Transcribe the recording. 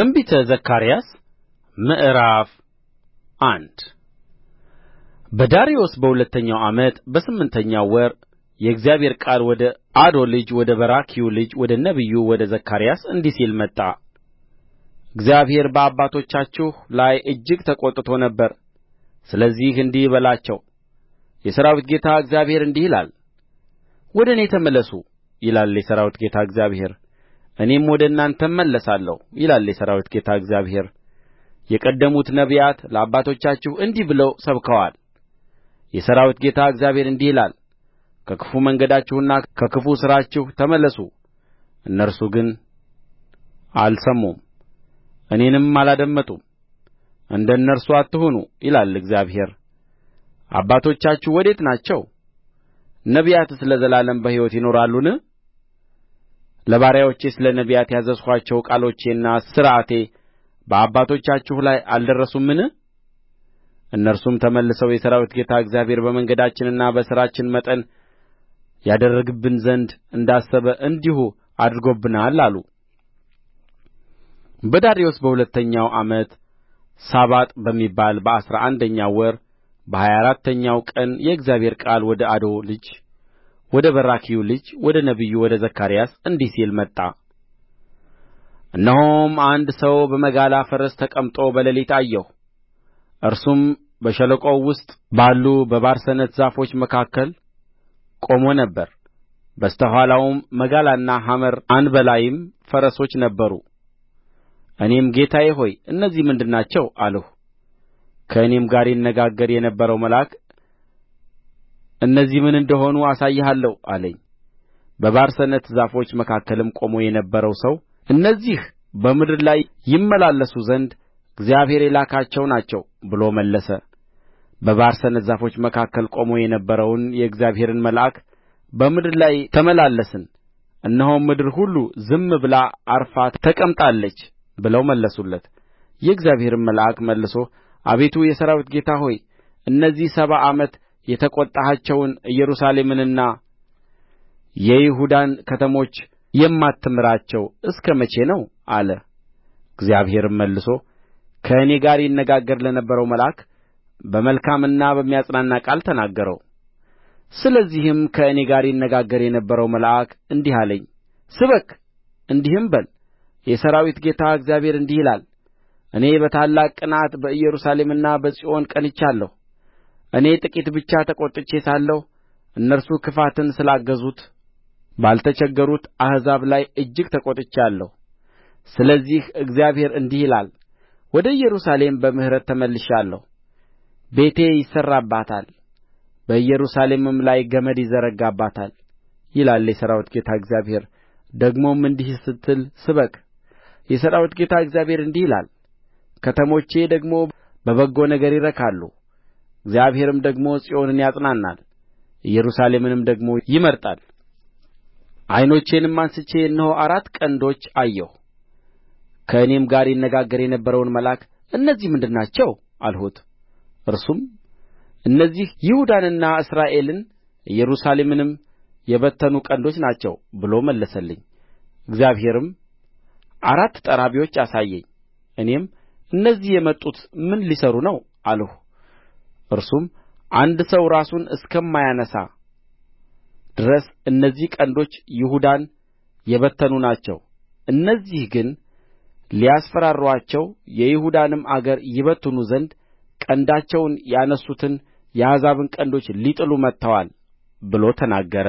ትንቢተ ዘካርያስ ምዕራፍ አንድ በዳርዮስ በሁለተኛው ዓመት በስምንተኛው ወር የእግዚአብሔር ቃል ወደ አዶ ልጅ ወደ በራክዩ ልጅ ወደ ነቢዩ ወደ ዘካርያስ እንዲህ ሲል መጣ እግዚአብሔር በአባቶቻችሁ ላይ እጅግ ተቈጥቶ ነበር። ስለዚህ እንዲህ በላቸው፣ የሠራዊት ጌታ እግዚአብሔር እንዲህ ይላል፣ ወደ እኔ ተመለሱ ይላል የሠራዊት ጌታ እግዚአብሔር እኔም ወደ እናንተ እመለሳለሁ ይላል የሠራዊት ጌታ እግዚአብሔር የቀደሙት ነቢያት ለአባቶቻችሁ እንዲህ ብለው ሰብከዋል የሠራዊት ጌታ እግዚአብሔር እንዲህ ይላል ከክፉ መንገዳችሁና ከክፉ ሥራችሁ ተመለሱ እነርሱ ግን አልሰሙም እኔንም አላደመጡም እንደ እነርሱ አትሁኑ ይላል እግዚአብሔር አባቶቻችሁ ወዴት ናቸው ነቢያትስ ለዘላለም በሕይወት ይኖራሉን ለባሪያዎቼስ ለነቢያት ያዘዝኋቸው ቃሎቼና ሥርዓቴ በአባቶቻችሁ ላይ አልደረሱምን እነርሱም ተመልሰው የሠራዊት ጌታ እግዚአብሔር በመንገዳችንና በሥራችን መጠን ያደርግብን ዘንድ እንዳሰበ እንዲሁ አድርጎብናል አሉ በዳርዮስ በሁለተኛው ዓመት ሳባጥ በሚባል በአሥራ አንደኛው ወር በሀያ አራተኛው ቀን የእግዚአብሔር ቃል ወደ አዶ ልጅ ወደ በራክዩ ልጅ ወደ ነቢዩ ወደ ዘካርያስ እንዲህ ሲል መጣ እነሆም አንድ ሰው በመጋላ ፈረስ ተቀምጦ በሌሊት አየሁ እርሱም በሸለቆው ውስጥ ባሉ በባርሰነት ዛፎች መካከል ቆሞ ነበር በስተ ኋላውም መጋላና ሐመር አንባላይም ፈረሶች ነበሩ እኔም ጌታዬ ሆይ እነዚህ ምንድር ናቸው አልሁ ከእኔም ጋር ይነጋገር የነበረው መልአክ እነዚህ ምን እንደ ሆኑ አሳይሃለሁ አለኝ በባርሰነት ዛፎች መካከልም ቆሞ የነበረው ሰው እነዚህ በምድር ላይ ይመላለሱ ዘንድ እግዚአብሔር የላካቸው ናቸው ብሎ መለሰ በባርሰነት ዛፎች መካከል ቆሞ የነበረውን የእግዚአብሔርን መልአክ በምድር ላይ ተመላለስን እነሆም ምድር ሁሉ ዝም ብላ ዐርፋ ተቀምጣለች ብለው መለሱለት የእግዚአብሔርም መልአክ መልሶ አቤቱ የሠራዊት ጌታ ሆይ እነዚህ ሰባ ዓመት የተቈጣሃቸውን ኢየሩሳሌምንና የይሁዳን ከተሞች የማትምራቸው እስከ መቼ ነው አለ እግዚአብሔርም መልሶ ከእኔ ጋር ይነጋገር ለነበረው መልአክ በመልካምና በሚያጽናና ቃል ተናገረው ስለዚህም ከእኔ ጋር ይነጋገር የነበረው መልአክ እንዲህ አለኝ ስበክ እንዲህም በል የሠራዊት ጌታ እግዚአብሔር እንዲህ ይላል እኔ በታላቅ ቅንዓት በኢየሩሳሌምና በጽዮን ቀንቻለሁ እኔ ጥቂት ብቻ ተቈጥቼ ሳለሁ እነርሱ ክፋትን ስላገዙት ባልተቸገሩት አሕዛብ ላይ እጅግ ተቈጥቻለሁ ስለዚህ እግዚአብሔር እንዲህ ይላል ወደ ኢየሩሳሌም በምሕረት ተመልሻለሁ ቤቴ ይሠራባታል በኢየሩሳሌምም ላይ ገመድ ይዘረጋባታል። ይላል የሠራዊት ጌታ እግዚአብሔር ደግሞም እንዲህ ስትል ስበክ የሠራዊት ጌታ እግዚአብሔር እንዲህ ይላል ከተሞቼ ደግሞ በበጎ ነገር ይረካሉ እግዚአብሔርም ደግሞ ጽዮንን ያጽናናል ኢየሩሳሌምንም ደግሞ ይመርጣል ዓይኖቼንም አንሥቼ እነሆ አራት ቀንዶች አየሁ ከእኔም ጋር ይነጋገር የነበረውን መልአክ እነዚህ ምንድር ናቸው አልሁት እርሱም እነዚህ ይሁዳንና እስራኤልን ኢየሩሳሌምንም የበተኑ ቀንዶች ናቸው ብሎ መለሰልኝ እግዚአብሔርም አራት ጠራቢዎች አሳየኝ እኔም እነዚህ የመጡት ምን ሊሠሩ ነው አልሁ እርሱም አንድ ሰው ራሱን እስከማያነሣ ድረስ እነዚህ ቀንዶች ይሁዳን የበተኑ ናቸው እነዚህ ግን ሊያስፈራሩአቸው የይሁዳንም አገር ይበትኑ ዘንድ ቀንዳቸውን ያነሡትን የአሕዛብን ቀንዶች ሊጥሉ መጥተዋል ብሎ ተናገረ